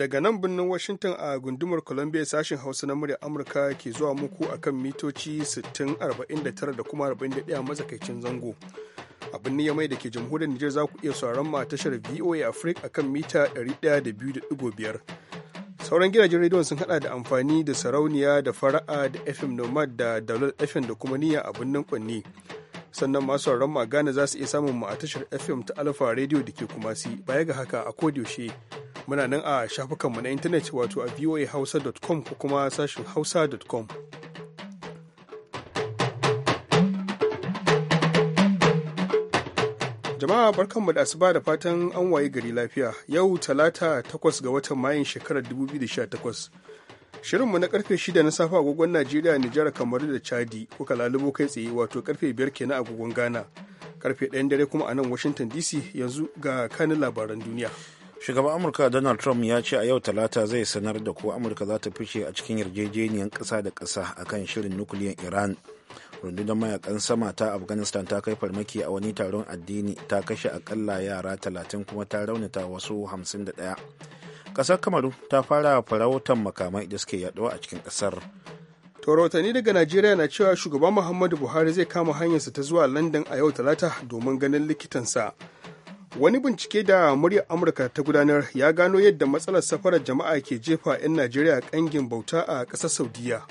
daga nan birnin Washington a gundumar Columbia sashen Hausa na murya Amurka ke zuwa muku akan mitoci 6049 da kuma 41 matsakaicin zango. A birnin Yamai da ke jamhuriyar Nijar za ku iya sauraron ma tashar VOA Africa akan mita 102.5. Sauran gidajen rediyon sun hada da amfani da sarauniya da fara'a da FM Nomad da Dalol FM da kuma niyya a birnin Kwanni. sannan masu sauran magana za su iya samun mu a tashar fm ta alfa rediyo da ke kumasi baya ga haka a kodiyaushe muna nan a shafukanmu na intanet wato a voahausa.com ko kuma sashin hausa.com jama'a barkanmu da asuba da fatan an waye gari lafiya yau talata takwas ga watan mayun shekarar 2018 shirinmu na karfe 6 na safe agogon najeriya nijar kamar da chadi kuka lalubo kai tsaye wato karfe 5 kenan agogon ghana karfe 1 dare kuma a nan washington dc yanzu ga kanin labaran duniya shugaban amurka donald trump ya ce a yau talata zai sanar da ko amurka za ta fice a cikin yarjejeniyar ƙasa da ƙasa akan shirin nukiliyan iran rundunar mayakan sama ta afghanistan ta kai farmaki a wani taron addini ta kashe akalla yara talatin kuma ta raunata wasu hamsin da 51 ƙasar kamaru ta fara farautan makamai da suke yaduwa a cikin ƙasar rahotanni daga najeriya na cewa shugaban muhammadu buhari zai kama hanyarsa ta zuwa london a yau talata domin ganin likitansa wani bincike da muryar amurka ta gudanar ya gano yadda matsalar safarar jama'a ke jefa 'yan najeriya kangin bauta a ƙasar saudiya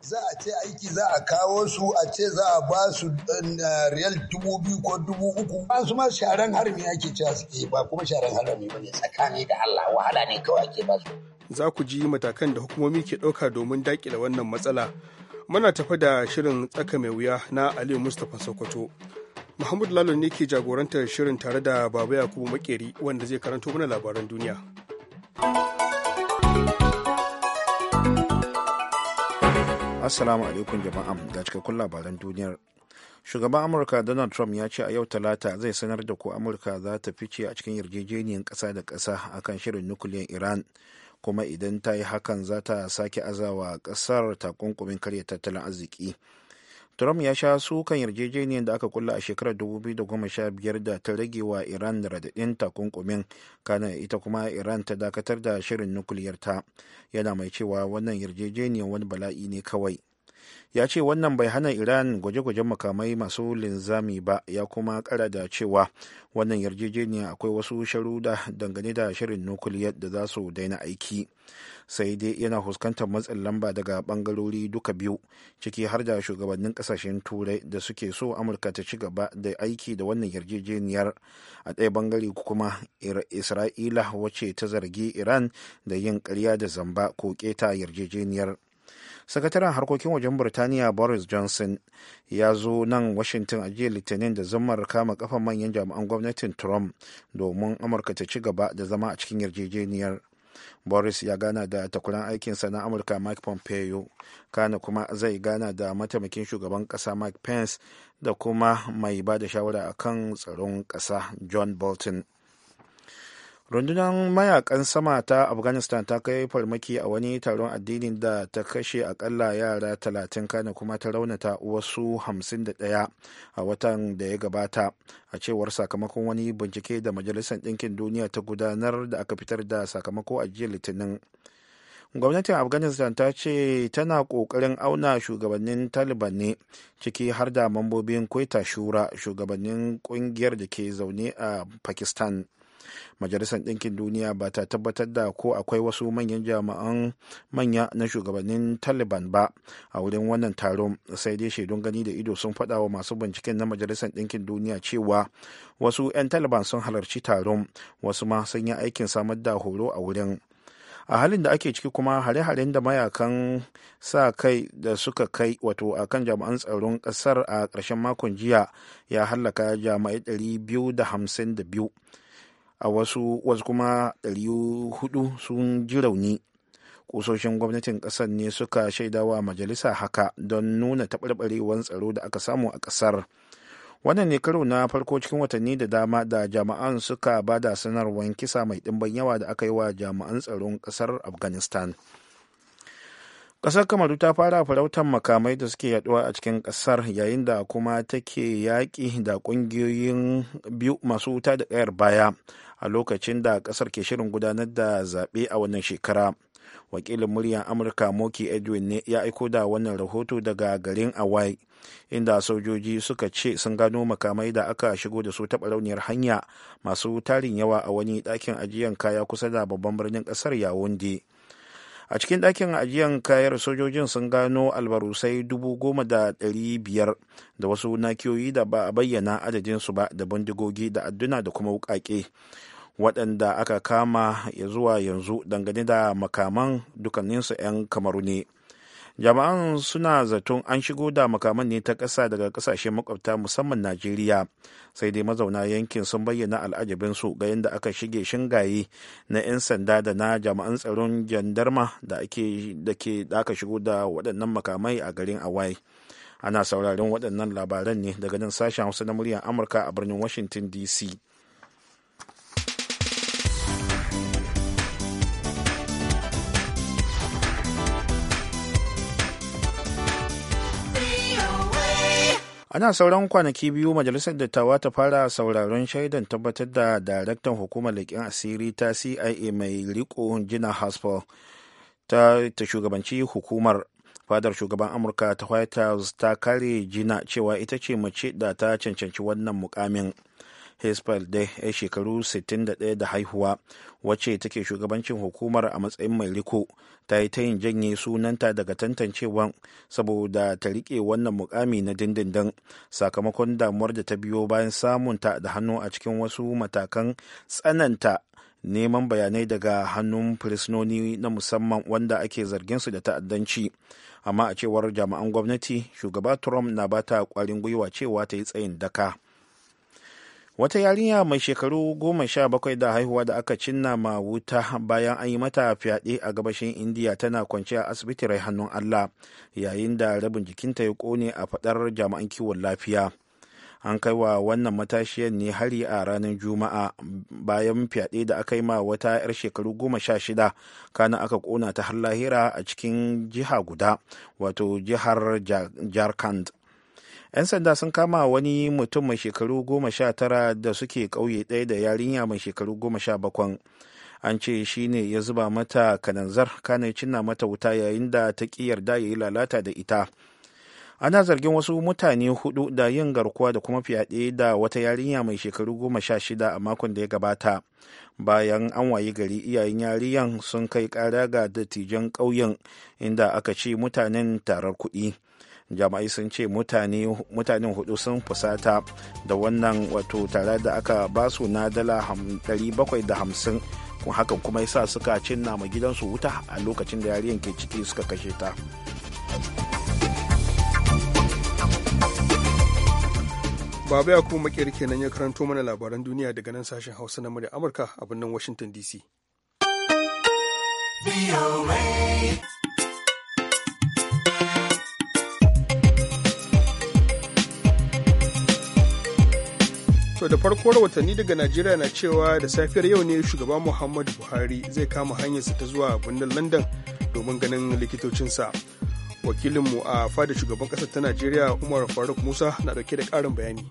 za a ce aiki za a kawo su a ce za a ba su um, riyal dubu biyu ko dubu uku ba su ma sharan harami ake cewa suke ba kuma sharan harami ba ne tsakani da allah wahala ne kawai ake ba su za ku ji matakan da hukumomi ke ɗauka domin daƙile wannan matsala muna tafi da shirin tsaka mai wuya na aliyu mustapha sokoto muhammadu Lalo ne ke jagorantar shirin tare da Baba Yakubu Makeri wanda zai karanto mana labaran duniya. Assalamu alaikum jama'a da cikakkun labaran duniyar. Shugaban Amurka Donald Trump ya ce a yau Talata zai sanar da ko Amurka za ta fice a cikin yarjejeniyar ƙasa da ƙasa akan shirin nukiliyan Iran. kuma idan ta yi hakan za ta sake azawa ƙasar takunkumin karya tattalin arziki. Trump ya sha sukan yarjejeniyar da aka kulla a shekarar 2015 da ta rage wa Iran radadin takunkumin kana ita kuma Iran ta dakatar da shirin nukuliyarta yana mai cewa wannan yarjejeniyar wani bala'i ne kawai. Ya ce wannan bai hana Iran gwaje-gwajen makamai masu linzami ba ya kuma kara da cewa wannan yarjejeniyar akwai wasu sharuda dangane da shirin nukuliyar da za su daina aiki. sai dai yana fuskantar matsin lamba daga bangarori duka biyu ciki har da shugabannin kasashen turai da suke so amurka ta ci gaba da aiki da wannan yarjejeniyar a ɗaya bangare kuma isra'ila wacce ta zargi iran da yin karya da zamba ko keta yarjejeniyar sakataren harkokin wajen birtaniya boris johnson ya zo nan washington a jiya litinin da zammar kama kafa manyan jami'an gwamnatin trump domin amurka ta ci gaba da zama a cikin yarjejeniyar boris ya gana da takunan aikinsa na amurka mike pompeo kana kuma zai gana da mataimakin shugaban kasa mike pence da kuma mai ba da shawara akan tsaron kasa john bolton rundunar mayakan sama ta afghanistan ta kai farmaki a wani taron addini da ta kashe akalla yara talatin kana kuma ta raunata wasu hamsin da ɗaya a watan da ya gabata a cewar sakamakon wani bincike da majalisar ɗinkin duniya ta gudanar da aka fitar da sakamako a jiya litinin gwamnatin afghanistan ta ce tana kokarin auna shugabannin taliban ne ciki har da mambobin kwaita shura shugabannin kungiyar da ke zaune a pakistan majalisar ɗinkin duniya ba ta tabbatar da ko akwai wasu manyan jama'an manya na shugabannin taliban ba a wurin wannan taron sai dai shaidun gani da ido sun faɗa wa masu binciken na majalisar ɗinkin duniya cewa wasu 'yan taliban sun halarci taron wasu ma sun yi aikin samar da horo a wurin a halin da ake ciki kuma hare-haren da mayakan sa kai da suka kai wato a kan jami'an tsaron ƙasar a ƙarshen makon jiya ya hallaka jami'ai 252 a wasu wasu kuma 400 sun ji rauni kusoshin gwamnatin kasar ne suka shaidawa majalisa haka don nuna taɓarɓarewar tsaro da aka samu a ƙasar wannan ne karo na farko cikin watanni da dama da jama'an suka bada sanarwar kisa mai ɗimbin yawa da aka yi wa jami'an tsaron ƙasar afghanistan kasar Kamaru ta fara farautar makamai da suke yaduwa a cikin ƙasar yayin da kuma take yaƙi da ƙungiyoyin biyu masu wuta da ƙayar baya a lokacin da ƙasar ke shirin gudanar da zaɓe a wannan shekara. Wakilin muryar Amurka Moki Edwin ne ya aiko da wannan rahoto daga garin Awai, inda sojoji suka ce sun gano makamai da aka shigo da su ta barauniyar hanya masu tarin yawa a wani ɗakin ajiyan kaya kusa da babban birnin ƙasar Yawunde. a cikin ɗakin ajiyan kayar sojojin sun gano albarusai dubu goma da ɗari biyar da wasu nakiyoyi da ba a bayyana adadin su ba da bindigogi da adduna da kuma wuƙaƙe waɗanda aka kama ya zuwa yanzu dangane da makaman dukanninsu 'yan kamaru ne jama'an suna zaton an shigo da makaman ne ta ƙasa daga ƙasashen makwabta musamman najeriya sai dai mazauna yankin sun bayyana al'ajabinsu ga yadda aka shige shingaye na 'yan sanda da na jama'an tsaron jandarma da aka shigo da waɗannan makamai a garin awai ana sauraron waɗannan labaran ne daga nan sashen hausa na muryar amurka a birnin washington dc ana sauran kwanaki biyu majalisar dattawa ta fara sauraron shaidan tabbatar da daraktan hukumar leƙen asiri ta cia mai riko jina haspel ta, ta shugabanci hukumar fadar shugaban amurka ta white house ta kare jina cewa ita ce mace da ta cancanci wannan mukamin hespel de ya shekaru 61 da haihuwa wacce take shugabancin hukumar a matsayin mai riko ta yi ta yin janye sunanta daga tantancewan saboda ta rike wannan mukami na dindindin sakamakon damuwar da ta biyo bayan samunta da hannu a cikin wasu matakan tsananta neman bayanai daga hannun firisnoni na musamman wanda ake zargin su da ta'addanci amma a cewar jami'an gwamnati shugaba trump na bata kwarin gwiwa cewa ta yi tsayin daka wata yarinya mai shekaru goma sha bakwai da haihuwa da aka cinna ma wuta bayan an yi mata fyaɗe a gabashin indiya tana kwance a asibiti rai hannun allah yayin da rabin jikinta ya kone a faɗar jami'an kiwon lafiya an kai wa wannan matashiyar ne hari a ranar juma'a bayan fyaɗe da aka yi ma wata 'yar shekaru goma sha shida kana aka kona ta har lahira a cikin jiha guda wato jihar jarkand. 'yan sanda sun kama wani mutum mai shekaru goma sha tara da suke ƙauye ɗaya da yarinya mai shekaru goma sha bakwan an ce shi ne ya zuba mata kananzar kana cinna mata wuta yayin da ta ƙi yarda ya yi lalata da ita ana zargin wasu mutane hudu da yin garkuwa da kuma fyaɗe da wata yarinya mai shekaru goma sha shida a makon da ya gabata bayan an wayi gari iyayen yarinyan sun kai ƙara ga dattijan ƙauyen inda aka ce mutanen tarar kuɗi jama'ai sun ce mutanen hudu sun fusata da wannan wato tare da aka basu na dala 750 hakan kuma yasa suka cinna ma gidansu wuta a lokacin da yariyan ke ciki suka kashe ta Baba ya kuma makiyar nan ya karanto mana labaran duniya daga nan sashen Hausa na murya Amurka a birnin Washington DC. Sau da farko watanni daga Najeriya na cewa da safiyar yau ne shugaban Muhammadu Buhari zai kama hanyarsa ta zuwa birnin London domin ganin likitocinsa. Wakilinmu a fada shugaban ƙasa ta Najeriya Umar Faruk Musa na dauke da ƙarin bayani.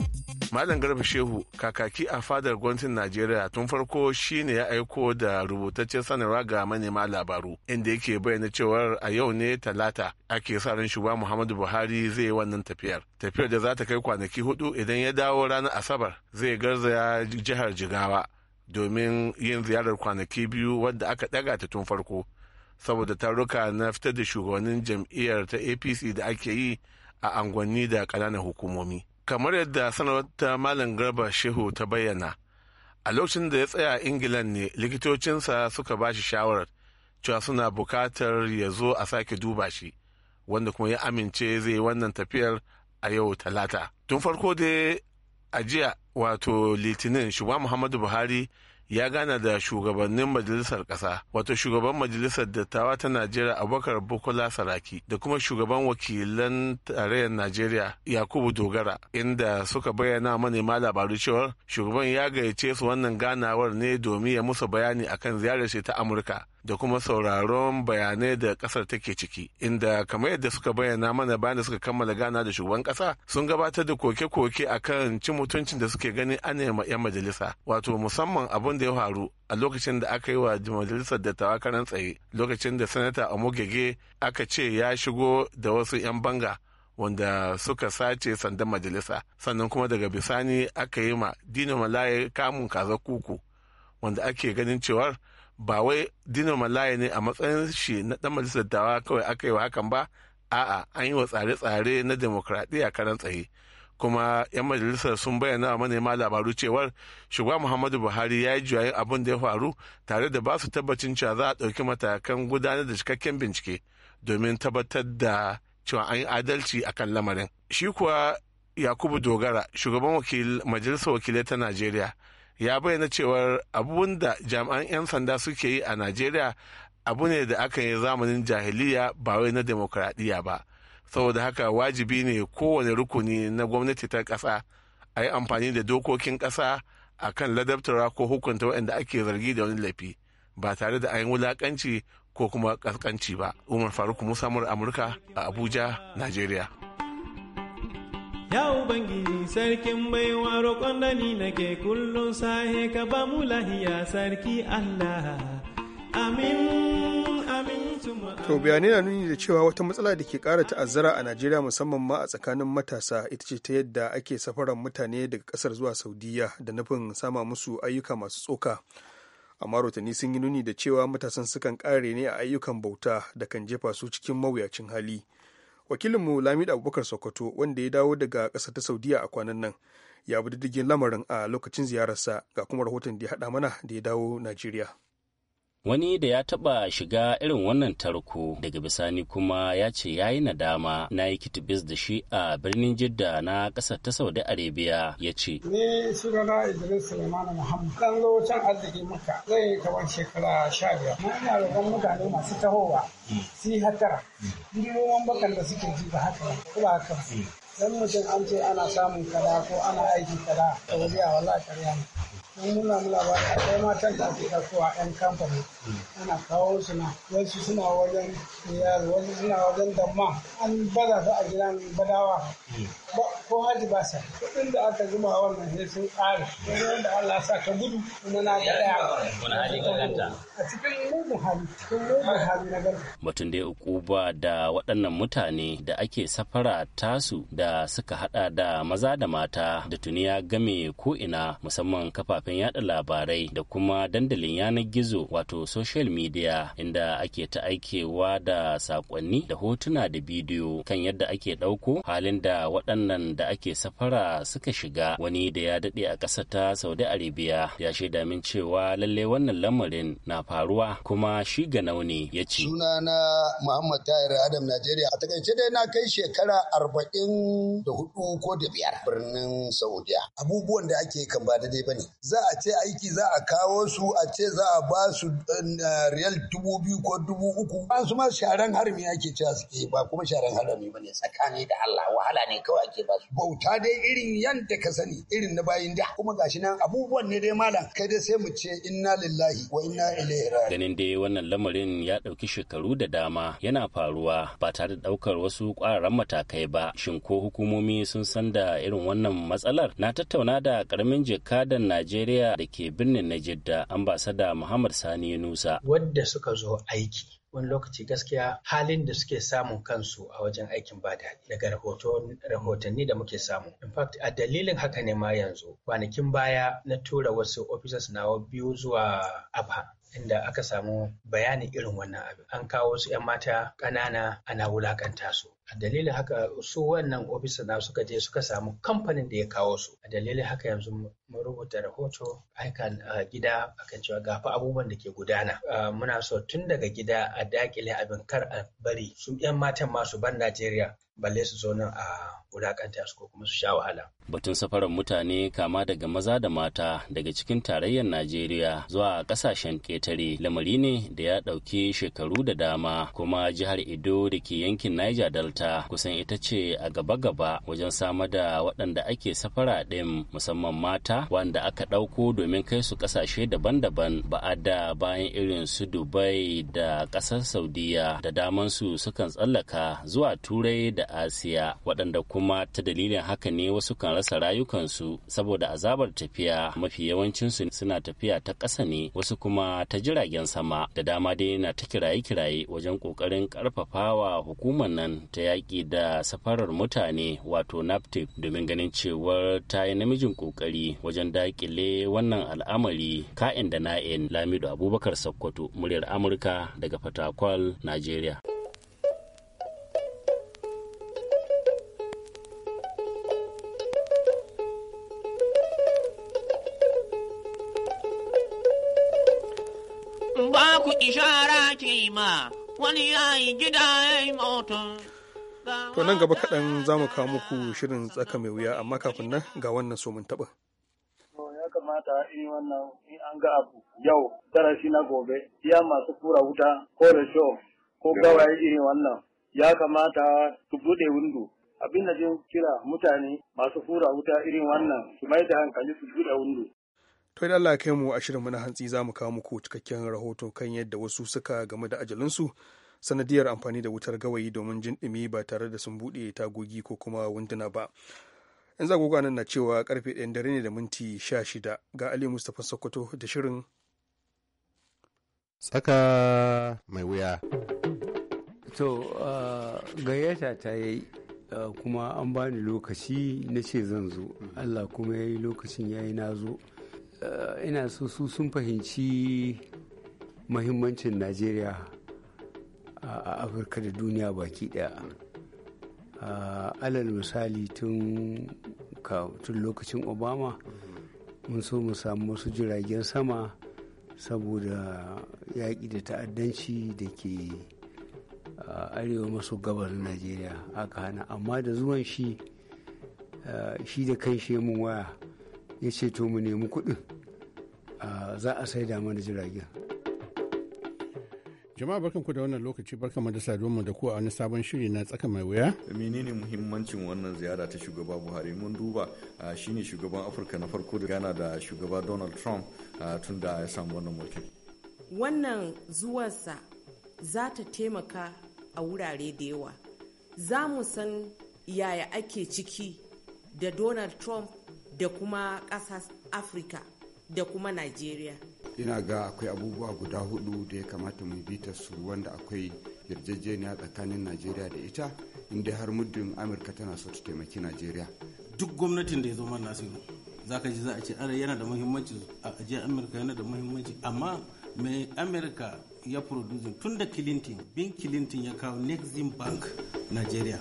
Malam Garba Shehu kakaki a fadar gwamnatin Najeriya tun farko shi ne ya aiko da rubutaccen sanarwa ga manema labaru inda yake bayyana cewar a yau ne talata ake sa ran shugaba Muhammadu Buhari zai yi wannan tafiyar. Tafiyar da za ta kai kwanaki hudu idan ya dawo ranar Asabar zai garzaya jihar Jigawa domin yin ziyarar kwanaki biyu wadda aka daga ta tun farko saboda taruka na fitar da shugabannin jam'iyyar ta APC da ake yi a angwanni da ƙananan hukumomi. kamar yadda sanarwar ta malam garba shehu ta bayyana a lokacin da ya tsaya a ingilan ne likitocinsa suka ba shi shawarar cewa suna bukatar ya zo a sake duba shi wanda kuma ya amince zai wannan tafiyar a yau talata tun farko dai a jiya wato litinin shugaba muhammadu buhari ya gana da shugabannin majalisar ƙasa wato shugaban majalisar dattawa ta najeriya abubakar bukola saraki da kuma shugaban wakilan tarayyar najeriya yakubu dogara inda suka bayyana manema labaru cewar shugaban ya gayyace su wannan ganawar ne domin ya musu bayani akan ziyarar shi ta amurka da kuma sauraron bayanai da kasar take ciki inda kamar yadda suka bayyana mana bayan da suka kammala gana da shugaban kasa sun gabatar da koke-koke a kan cin mutuncin da suke gani ana yan majalisa wato musamman abin da ya faru a lokacin da aka yi wa majalisar da tawakaran tsaye lokacin da sanata a amogege aka ce ya shigo da wasu 'yan banga wanda suka sace sandan majalisa sannan kuma daga bisani aka yi ma dina malaye kamun kaza kuku wanda ake ganin cewar ba wai dino malaya ne a matsayin shi na dan majalisar dawa kawai aka yi wa hakan ba a'a an yi wa tsare-tsare na demokradiyya karan tsaye kuma 'yan majalisar sun bayyana wa manema labaru cewar shugaba muhammadu buhari ya yi juyayin abin da ya faru tare da ba su tabbacin cewa za a ɗauki matakan gudanar da cikakken bincike domin tabbatar da cewa an yi adalci akan lamarin shi kuwa yakubu dogara shugaban majalisar wakilai ta najeriya ya bayyana cewar abubuwan da jami'an 'yan sanda suke yi a najeriya abu ne da aka yi zamanin jahiliya ba wai na demokuraɗiyya ba saboda haka wajibi ne kowane rukuni na gwamnati ta ƙasa a yi amfani da dokokin ƙasa a kan ladabtara ko hukunta waɗanda ake zargi da wani laifi ba tare da ayin wulaƙanci ko kuma ƙasƙanci ba umar faruk musamman amurka a abuja najeriya Ya Ubangiji sarkin baiwa roƙon da nake kullum sahe ka ba mu lahiya sarki Allah. Amin, amin To bayanai na nuni da cewa wata matsala da ke ƙara ta'azzara a Najeriya musamman ma a tsakanin matasa ita ce ta yadda ake safaran mutane daga ƙasar zuwa Saudiya da nufin sama musu ayyuka masu tsoka. amma rotanni sun yi nuni da cewa matasan sukan ƙare ne a ayyukan bauta da kan jefa su cikin mawuyacin hali wakilinmu lamid abubakar sokoto wanda ya dawo daga ƙasa ta saudiya a kwanan nan ya bi diddigin lamarin a lokacin ziyararsa ga kuma rahoton da ya haɗa mana da ya dawo najeriya wani da ya taba shiga irin wannan tarko daga bisani kuma ya ce ya yi nadama na yi kitibis da shi a birnin jidda na kasar ta saudi arabia ya ce ni sunana idris suleiman muhammad dan can arziki maka. zai kawai shekara sha biyar na ina roƙon mutane masu tahowa su yi hatara duk bakan da suke ji ba haka ba haka dan mutum an ce ana samun kada ko ana aiki kada wallahi don nuna mu labarai akwai matan da ake kasuwa 'yan kamfani ana kawo su na wasu suna wajen yaro wasu suna wajen damma an baza su a gidan badawa ko haji ba sa kuɗin da aka zuba wannan sai sun ƙare wani wanda Allah sa ka gudu kuma na ga ɗaya a cikin mugun hali cikin mugun hali na gari. mutum da ya ukuba da waɗannan mutane da ake safara tasu da suka haɗa da maza da mata da tuni ya game ko ina musamman kafafen kafafen yada labarai da kuma dandalin yanar gizo wato social media inda ake ta aikewa da sakonni da hotuna da bidiyo kan yadda ake ɗauko halin da waɗannan da ake safara suka shiga wani da ya daɗe a ƙasa ta saudi arabia ya shaida min cewa lalle wannan lamarin na faruwa kuma shi ga nauni ya ce sunana muhammad tahir adam najeriya a takaice dai na kai shekara arba'in da hudu ko da biyar birnin saudiya abubuwan da ake kan ba daidai bane za a ce aiki za a kawo su a ce za a ba su eh, riyal dubu biyu ko dubu uku ba su ma sharan harami ake cewa suke ba kuma sharan harami ba ne tsakani da Allah wahala ne kawai ake ba su bauta dai irin yanda ka sani irin na bayin da kuma gashi nan abubuwan ne dai malam kai dai sai mu ce inna lillahi wa inna ilaihi raji'un ganin dai wannan lamarin ya ɗauki shekaru da dama yana faruwa ba tare da ɗaukar wasu ƙwararran matakai ba shin ko hukumomi sun san da irin wannan matsalar na tattauna da karamin jakadan Najeriya Najeriya da ke birnin na Jidda ambasada Muhammad Sani Nusa. Wadda suka zo aiki wani lokaci gaskiya halin da suke samun kansu a wajen aikin ba daɗi daga rahotanni da muke samu. In fact, a dalilin haka ne ma yanzu kwanakin baya na tura wasu officers nawa biyu zuwa Abha inda aka samu bayanin irin wannan abin. An kawo su 'yan mata ƙanana ana wulakanta su. a dalilin haka su wannan ofisa na suka je suka samu kamfanin da ya kawo su a dalilin haka yanzu mu rubuta rahoto aikan uh, gida akan cewa ga fa abubuwan da ke gudana uh, muna so tun daga gida a dakile abin kar a bari su yan matan masu ban Najeriya balle su zo nan a wulakanta su ko kuma su sha wahala. Batun safarar mutane kama daga maza da mata daga cikin tarayyar Najeriya zuwa kasashen ketare lamari ne da ya ɗauki shekaru da dama kuma jihar Edo da ke yankin Niger Delta kusan ita ce a gaba-gaba wajen samar da waɗanda ake safara ɗin musamman mata wanda aka ɗauko domin kai su ƙasashe daban-daban ba a da bayan irin su dubai da ƙasar saudiya da damansu sukan tsallaka zuwa turai da asiya waɗanda kuma ta dalilin haka ne wasu kan rasa rayukansu saboda azabar tafiya mafi yawancinsu suna tafiya ta ƙasa ne wasu kuma ta jiragen sama da dama dai na ta kiraye-kiraye wajen ƙoƙarin ƙarfafawa hukumar nan ta yaƙi da safarar mutane wato naptip domin ganin cewar ta yi namijin ƙoƙari wajen dakile wannan al'amari ka'in da na'in lamido abubakar sakkwato muryar amurka daga fatakwal najeriya ishara ke wani yayi gida ya To nan gaba kaɗan za mu kawo muku shirin tsaka mai wuya amma kafin nan ga wannan somin taɓin. kamata in wannan in an ga abu yau darasi na gobe iya masu kura wuta ko da sho ko gawaye irin wannan ya kamata su bude windo abin da kira mutane masu kura wuta irin wannan su mai da hankali su bude windo to da Allah kai mu a shirin na hantsi zamu mu kawo muku cikakken rahoto kan yadda wasu suka game da ajalinsu sanadiyar amfani da wutar gawayi domin jin dimi ba tare da sun bude tagogi ko kuma wunduna ba yan zagogo nan na cewa karfe ɗayan dare ne da minti sha shida ga ali mustapha sokoto da shirin tsaka mai wuya to gayyata ta yi kuma an bani lokaci na ce zan zo allah kuma ya yi lokacin ya yi na zo ina so su sun fahimci mahimmancin najeriya a afirka da duniya baki daya alal misali tun lokacin obama mun so mu samu wasu jiragen sama saboda yaƙi da ta'addanci da ke arewa maso gabar najeriya aka hana amma da zuwan shi shi da kan mun waya ya ce to mu nemi kuɗin za a saida mana jiragen Jama'a barkanku da wannan lokaci barkanmu da saduwa da ku a wani sabon shiri na tsaka mai wuya. Menene muhimmancin wannan ziyara ta shugaba Buhari mun duba shine shugaban Afirka na farko da gana da shugaba Donald Trump tun da ya samu wannan mulki. Wannan zuwansa za ta taimaka a wurare da yawa. Za mu san yaya ake ciki da Donald Trump da kuma ƙasar Afirka da kuma nigeria. ina ga akwai abubuwa guda hudu da ya kamata mu bi ta su wanda akwai yarjejeniya tsakanin najeriya da ita inda har muddin amurka tana so ta taimaki najeriya duk gwamnatin da ya zo mana nasiru za ka ji za a ce ara yana da muhimmanci a ajiyar amurka yana da muhimmanci amma mai amurka ya producing tun da clinton bin clinton ya kawo nexim bank nigeria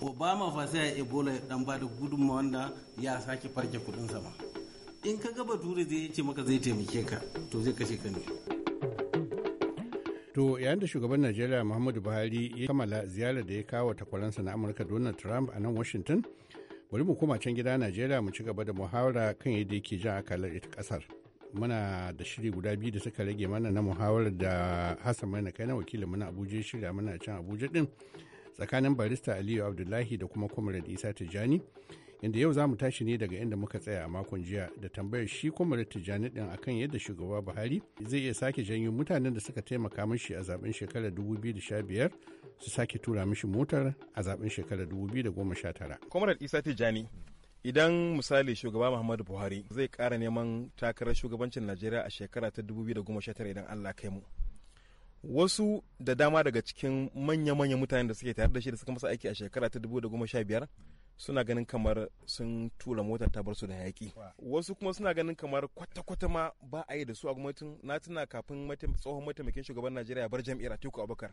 obama fa sai ebola ya dan da gudunmawa wanda ya sake farke kudin sama in ka gaba dure zai ce maka zai taimake ka to zai kashe ka ne To yayin da shugaban Najeriya Muhammadu Buhari ya kammala ziyarar da ya kawo takwaransa na Amurka Donald Trump a nan Washington, bari mu koma can gida Najeriya mu ci gaba da muhawara kan yadda yake jan akalar ita kasar. Muna da shiri guda biyu da suka rage mana na muhawarar da Hassan Maina kai na wakilin muna Abuja shirya muna can Abuja din tsakanin barista Aliyu Abdullahi da kuma Comrade Isa tijjani inda yau za mu tashi ne daga inda muka tsaya a makon jiya da tambayar shi kuma tijjani din akan yadda shugaba buhari zai iya sake janyo mutanen da suka taimaka mishi a zaben shekarar 2015 su sake tura mishi motar a zaben shekarar 2019 comrade isa tijjani idan misali shugaba muhammadu buhari zai kara neman takarar shugabancin najeriya a shekara ta 2019 idan allah kai mu wasu da dama daga cikin manya manya mutanen da suke tare da shi da suka masa aiki a shekara ta 2015 suna ganin kamar sun tura motar ta bar su da yaƙi wasu kuma suna ganin kamar kwata-kwata ma ba a yi da su a gwamnatin na tuna kafin tsohon mataimakin shugaban najeriya bar jam'iyyar atiku abubakar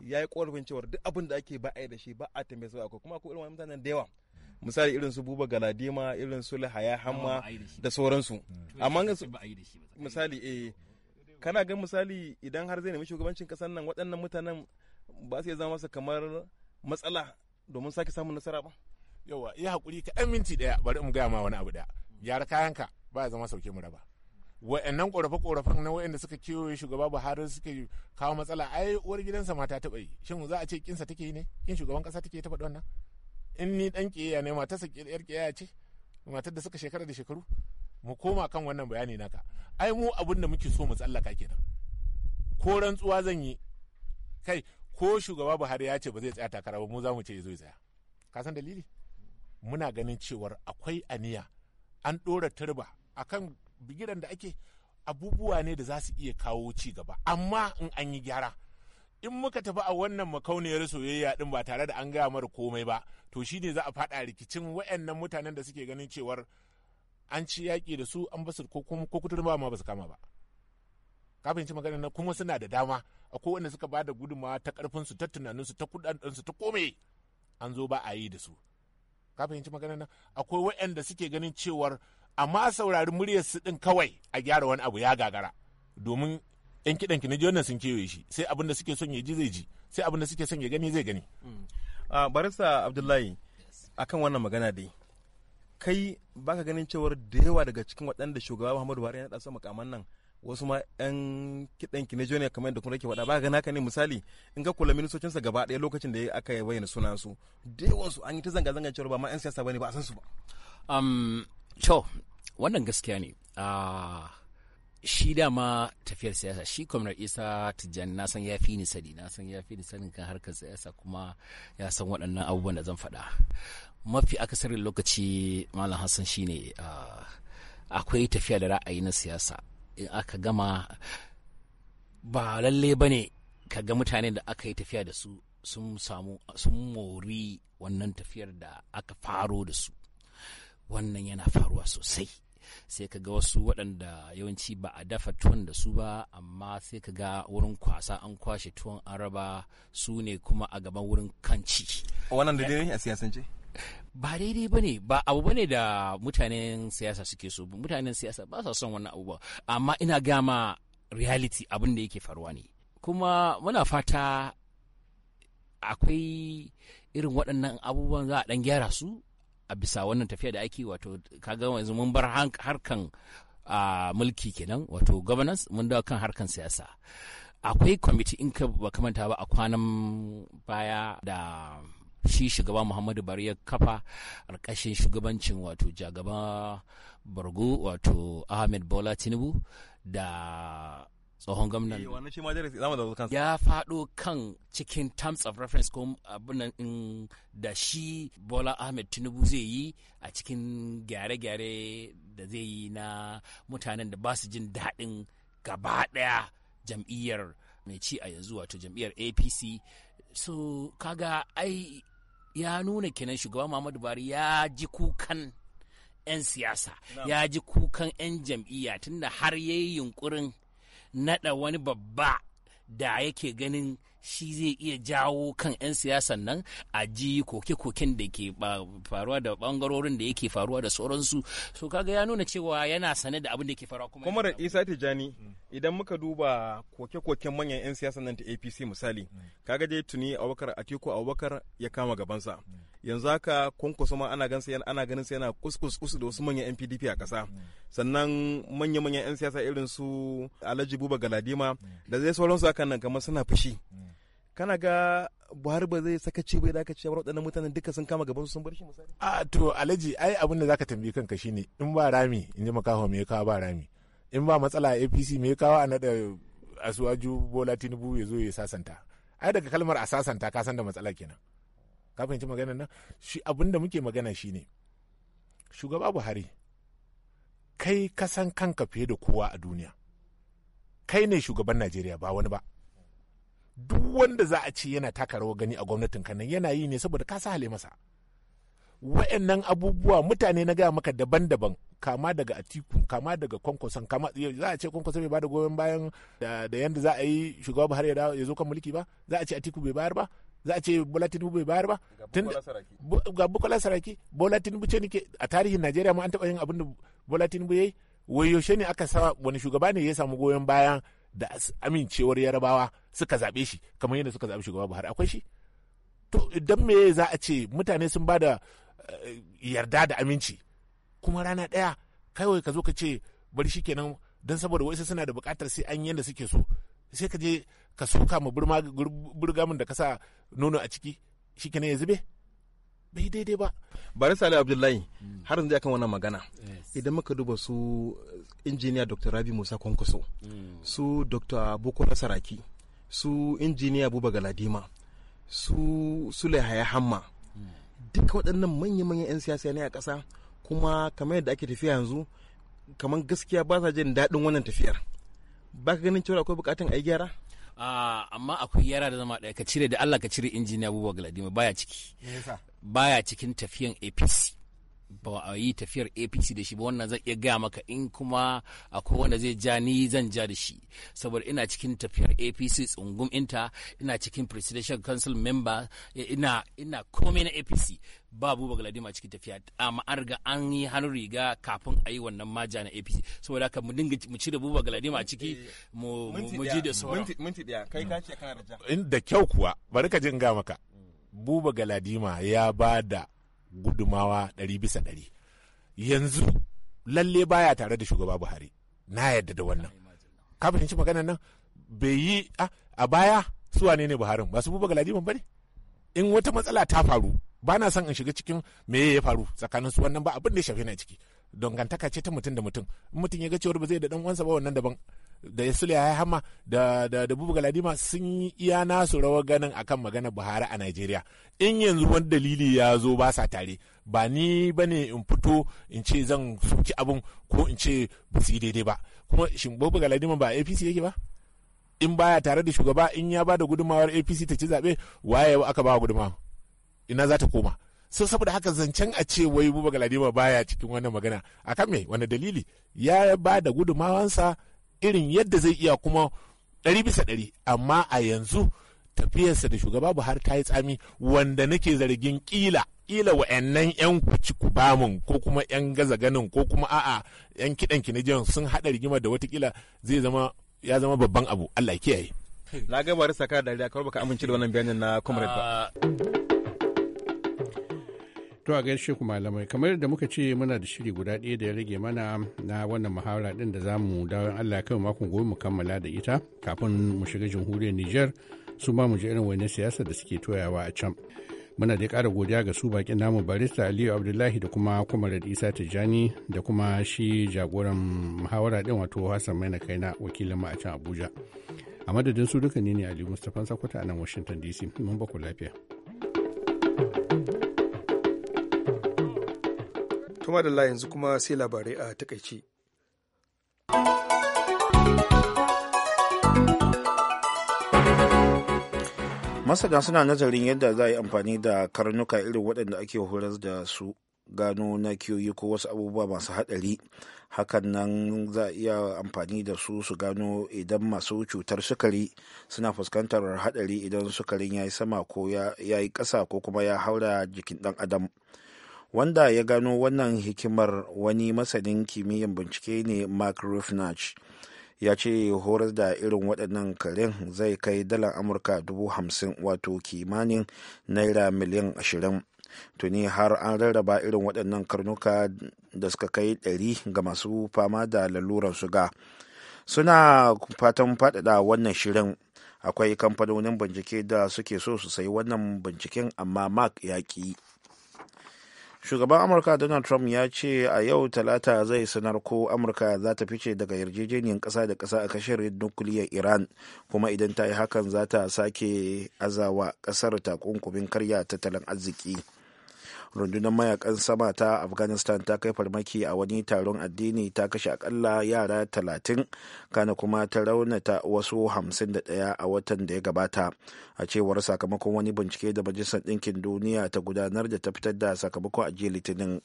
ya yi ƙorafin cewar duk abin da ake ba a yi da shi ba a tambaye su akwai kuma akwai irin mutanen da yawa misali irin su buba galadima irin su lahaya hamma da sauransu mm. amma misali eh kana ga misali idan har zai nemi shugabancin kasar nan waɗannan mutanen ba su iya zama masa kamar matsala domin sake samun nasara ba yawa yi hakuri ka ɗan minti ɗaya bari mu gaya ma wani abu da gyara kayanka ba ya zama sauke mu raba wa'annan ƙorafe-ƙorafen na wa'anda suka kewaye shugaba buhari suke kawo matsala ai uwar gidansa mata taɓa yi shin za a ce kinsa take yi ne kin shugaban ƙasa take ta faɗi wannan in ni ɗan ƙiyayya ne matarsa ƙiyayyar ƙiyayya ce matar da suka shekara da shekaru mu koma kan wannan bayani naka ai mu abin da muke so mu tsallaka kenan ko rantsuwa zan yi kai ko shugaba buhari ya ce ba zai tsaya takara ba mu za mu ce ya zo ya tsaya ka san dalili muna ganin cewar akwai aniya an ɗora turba akan bigiran da ake abubuwa ne da za su iya kawo ci gaba amma in an yi gyara in muka tafi a wannan makauniyar soyayya din ba tare da an gaya mara komai ba to shi ne za a faɗa rikicin wayannan mutanen da suke ganin cewar an ci yaƙi da su an basu ko kuma ko ma basu kama ba kafin ci magana na kuma suna da dama akwai wanda suka ba da gudunmawa ta karfin su ta tunaninsu ta kudaden su ta komai an zo ba a yi da su ka fahimci magana nan akwai waɗanda suke ganin cewar amma saurari muryar su din kawai a gyara wani abu ya gagara domin yan kiɗan ki na wannan sun kewaye shi sai abin da suke son ya ji zai ji sai abin da suke son ya gani zai gani mm. ah, barista abdullahi akan wannan magana dai kai baka ganin cewar da yawa daga cikin waɗanda shugaba muhammadu buhari ya naɗa su makaman nan wasu ma yan kiɗan na ne kamar da kuma rake faɗa ba ga naka ne misali in ka kula sa gaba ɗaya lokacin da aka yi bayyana sunan su da yawan su an yi ta zanga zanga cewa ba ma yan siyasa bane ba a san su ba um to wannan gaskiya ne shi ah, shi dama tafiyar siyasa shi kwamnar isa tijjani na san ya fi ni sani na san ya fi ni sani kan harkar siyasa kuma ya san waɗannan abubuwan da zan faɗa mafi akasarin lokaci malam hassan shine ah, akwai tafiya da ra'ayi na siyasa aka gama ba lalle ba ne ka ga mutane da aka yi tafiya da su sun samu sun mori wannan tafiyar da aka faro da su wannan yana faruwa sosai sai ka ga wasu waɗanda yawanci ba a dafa tuwon da su ba amma sai ka ga wurin kwasa an kwashe tuwon an raba su ne kuma a gaban wurin kanci wannan da ne a siyasance ba daidai ba ne ba abu ba ne da mutanen siyasa suke so mutanen siyasa ba sa son wannan abu amma ina gama reality abin da yake faruwa ne kuma muna fata akwai irin waɗannan abubuwan za a ɗan gyara su a bisa wannan tafiya da ake wato kaga yanzu mun bar harkan mulki kenan wato governance mun dawo kan harkan siyasa akwai kwamiti in ka ba kamanta ba a kwanan baya da shi shugaba muhammadu bari ya kafa ƙarƙashin shugabancin wato jagaba bargo wato ahmed bola tinubu da tsohon gwamnan eh, ya faɗo kan cikin terms of reference ko abinan in da shi bola ahmed tinubu zai yi a cikin gyare-gyare da zai yi na mutanen da ba su jin daɗin gaba ɗaya jam'iyyar mai ci a yanzu wato jam'iyyar apc so kaga ai ya nuna kenan shugaban muhammadu buhari ya ji kukan 'yan siyasa ya ji kukan 'yan jam'iyya tunda har yayi yi yunkurin naɗa wani babba da yake ganin shi zai iya jawo kan 'yan siyasan nan a ji koke-koken da ke faruwa da bangarorin da yake faruwa da sauransu so kaga ya nuna cewa yana sane da abin da ke faruwa kuma kuma da isa tijani mm. idan muka duba koke-koken manyan 'yan siyasan nan ta apc misali mm. kaga dai tuni abubakar atiku abubakar ya kama gabansa mm. yanzu haka kwankwaso ma ana yana ana ganin sai yana kuskus kus da wasu manyan NPDP a kasa mm. sannan manya manyan yan siyasa irin su Alhaji Buba Galadima mm. da zai sauransu hakan nan kamar suna fushi mm. kana ga Buhari ba zai saka ce bai dakaci ya waɗannan mutanen duka sun kama gaban sun bar shi misali a to Alhaji ai abin da zaka tambayi kanka shine in ba rami in ji makaho me ya kawo ba rami in ba matsala APC me ya kawo a nada asuwaju Bola Tinubu ya zo ya sasanta ai daga kalmar a sasanta ka san da matsala kenan ka fahimci maganar nan shi abin da muke magana ne shugaba buhari kai kasan kanka fiye da kowa a duniya kai ne shugaban najeriya ba wani ba duk wanda za a ce yana taka rawar gani a gwamnatin kanan yana yi ne saboda ka sa hale masa wa'annan abubuwa mutane na gaya maka daban-daban kama daga atiku kama daga kwankwason kama za a ce kwankwason bai bada goyon bayan da yanda za a yi shugaba buhari ya zo kan mulki ba za a ce atiku bai bayar ba za a ce bola tinubu bai bayar ba ga bukola saraki bola tinubu ce ke. a tarihin najeriya ma an taɓa yin abin da bola tinubu ya yi wai yaushe ne aka sa wani shugaba ne ya samu goyon bayan da amincewar yarabawa suka zaɓe shi kamar yadda suka zaɓi shugaba buhari akwai shi to idan me za a ce mutane sun ba da eh, yarda da aminci kuma rana ɗaya kawai ka zo ka ce bari shi kenan don saboda wasu suna da buƙatar sai an yadda suke so sai ka je ka soka ma burgamin da ka sa nono a ciki shi ya zube bai daidai ba bari sale abdullahi hmm. har yanzu akan wannan magana idan muka duba su eh, injiniya dr rabi musa kwankwaso hmm. su dr bukola saraki su injiniya buba galadima su sule haya hamma hmm. duka waɗannan manya-manyan 'yan siyasa ne a ƙasa kuma kamar yadda ake tafiya yanzu kamar gaskiya ba sa jin daɗin wannan tafiyar ba ka ganin cewa akwai bukatan a yi gyara ah, amma akwai yara da zama ɗaya ka cire da Allah ka cire injiniya abubuwa Galadima baya ciki baya cikin tafiyan APC ba a yi tafiyar apc da shi ba wannan zan iya gaya maka in kuma akwai wanda zai ja ni zan ja da shi saboda ina cikin tafiyar apc tsungum inta ina cikin presidential council member eh, ina ina komai na apc ba buba galadima cikin tafiya amma an riga an yi hannun riga kafin a yi wannan maja na apc saboda haka mu dinga mu cire buba galadima a ciki mu ji da sauran minti daya kai ka ce kana da ja da kyau kuwa bari ka jin ga maka buba galadima ya bada gudumawa ɗari bisa ɗari yanzu lalle baya tare da shugaba buhari na yadda da wannan ka fahimci maganar nan bai yi a baya su wane ne buharin ba su buba ladiman ba ne in wata matsala ta faru ba na son in shiga cikin me ya faru tsakanin su wannan ba abin da ya shafe na ciki dangantaka ce ta mutum da mutum in mutum ya ga cewar ba zai da dan uwansa ba wannan daban da sule hama da da, da bubu galadima sun yi iya nasu rawar ganin akan magana buhari a najeriya in yanzu wani dalili ya zo ba sa tare ba ni ba ne in fito in ce zan soki abin ko in ce ba su yi daidai ba kuma shin bubu galadima ba apc yake ba in baya tare da shugaba in ya ba da gudunmawar apc ta ci zaɓe waye aka ba gudunmawa ina za ta koma so saboda haka zancen a ce wai buba galadima baya cikin wannan magana akan me wani dalili ya ba da gudumawansa irin yadda zai iya kuma ɗari bisa ɗari amma a yanzu tafiyarsa da shugaba buhari ta yi tsami wanda nake zargin kila kila wa'annan yan kuci bamun ko kuma yan gaza ganin ko kuma a'a yan kiɗan jiyan sun haɗa rigima da watakila zai zama ya zama babban abu allah kiyaye na ga bari saka da kawai baka amince da wannan bayanin na comrade ba ah, To a gaishe ku malamai kamar yadda muka ce muna da shiri guda ɗaya da ya rage mana na wannan muhawara ɗin da za mu dawon Allah kai makon gobe mu kammala da ita kafin mu shiga jamhuriyar Nijar su ma mu ji irin wani siyasa da suke toyawa a can. Muna da ƙara godiya ga su bakin namu barista Aliyu Abdullahi da kuma Kumarar Isa Tijjani da kuma shi jagoran muhawara ɗin wato Hassan Maina Kaina wakilin mu a can Abuja. A madadin su duka ne ne Aliyu Mustapha Sakwata a nan Washington DC. Mun ba lafiya. Tuma da yanzu kuma sai labarai a takaice Masana suna nazarin yadda za a yi amfani da karnuka irin waɗanda ake horar da su gano na kiyoyi ko wasu abubuwa masu haɗari hakan nan za a iya amfani da su su gano idan masu cutar sukari suna fuskantar haɗari idan sukarin ya yi sama ko ya yi ƙasa ko kuma ya haura jikin ɗan adam. wanda ya gano wannan hikimar wani masanin kimiyyar bincike ne mark rufnach ya ce horar da irin waɗannan karen zai kai dalar amurka dubu hamsin wato kimanin naira miliyan ashirin tuni har an rarraba irin waɗannan karnuka da suka kai ɗari ga masu fama da laluran suga suna fatan faɗaɗa wannan shirin akwai kamfanonin bincike da suke so su sayi wannan binciken amma mark ya ƙi shugaban amurka donald trump ya ce a yau talata zai sanar ko amurka za ta fice daga yarjejeniyar ƙasa da ƙasa a kashin nukiliyar iran kuma idan ta yi hakan za ta sake azawa ƙasar takunkumin karya tattalin arziki rundunar mayakan sama ta afghanistan ta kai farmaki a wani taron addini ta kashe akalla yara talatin kana kuma ta raunata wasu hamsin da ɗaya a watan da ya gabata a cewar sakamakon wani bincike da majalisar ɗinkin duniya ta gudanar da ta fitar da sakamako a jiya litinin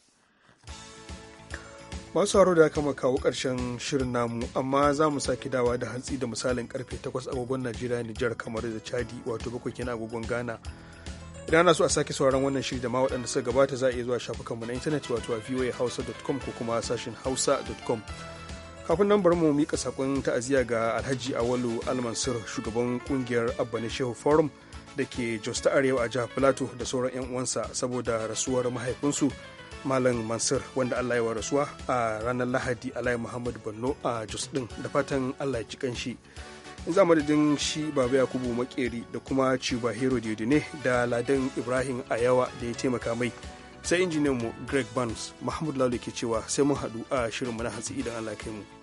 masu haro da aka kawo karshen shirin namu amma za mu sake dawa da hantsi da misalin karfe 8 agogon najeriya nijar kamar da chadi wato bakwai kenan agogon ghana idan ana so a sake sauran wannan shiri da ma waɗanda suka gabata za a iya zuwa shafukanmu na intanet wato a voahausa.com ko kuma sashin hausa.com kafin nan bari mu mika sakon ta'aziyya ga alhaji awalu almansur shugaban kungiyar abba shehu forum da ke jos ta arewa a jihar plateau da sauran 'yan uwansa saboda rasuwar mahaifinsu malam mansur wanda allah ya rasuwa a ranar lahadi alai muhammad banno a jos din da fatan allah ya ci kanshi za a madadin shi baba yakubu makeri da kuma cuba hero ne da ladan ibrahim ayawa da ya taimaka mai sai injiniyanmu greg barnes mahmud lalu ke cewa sai mun haɗu a shirin na hatsi idan allah kai mu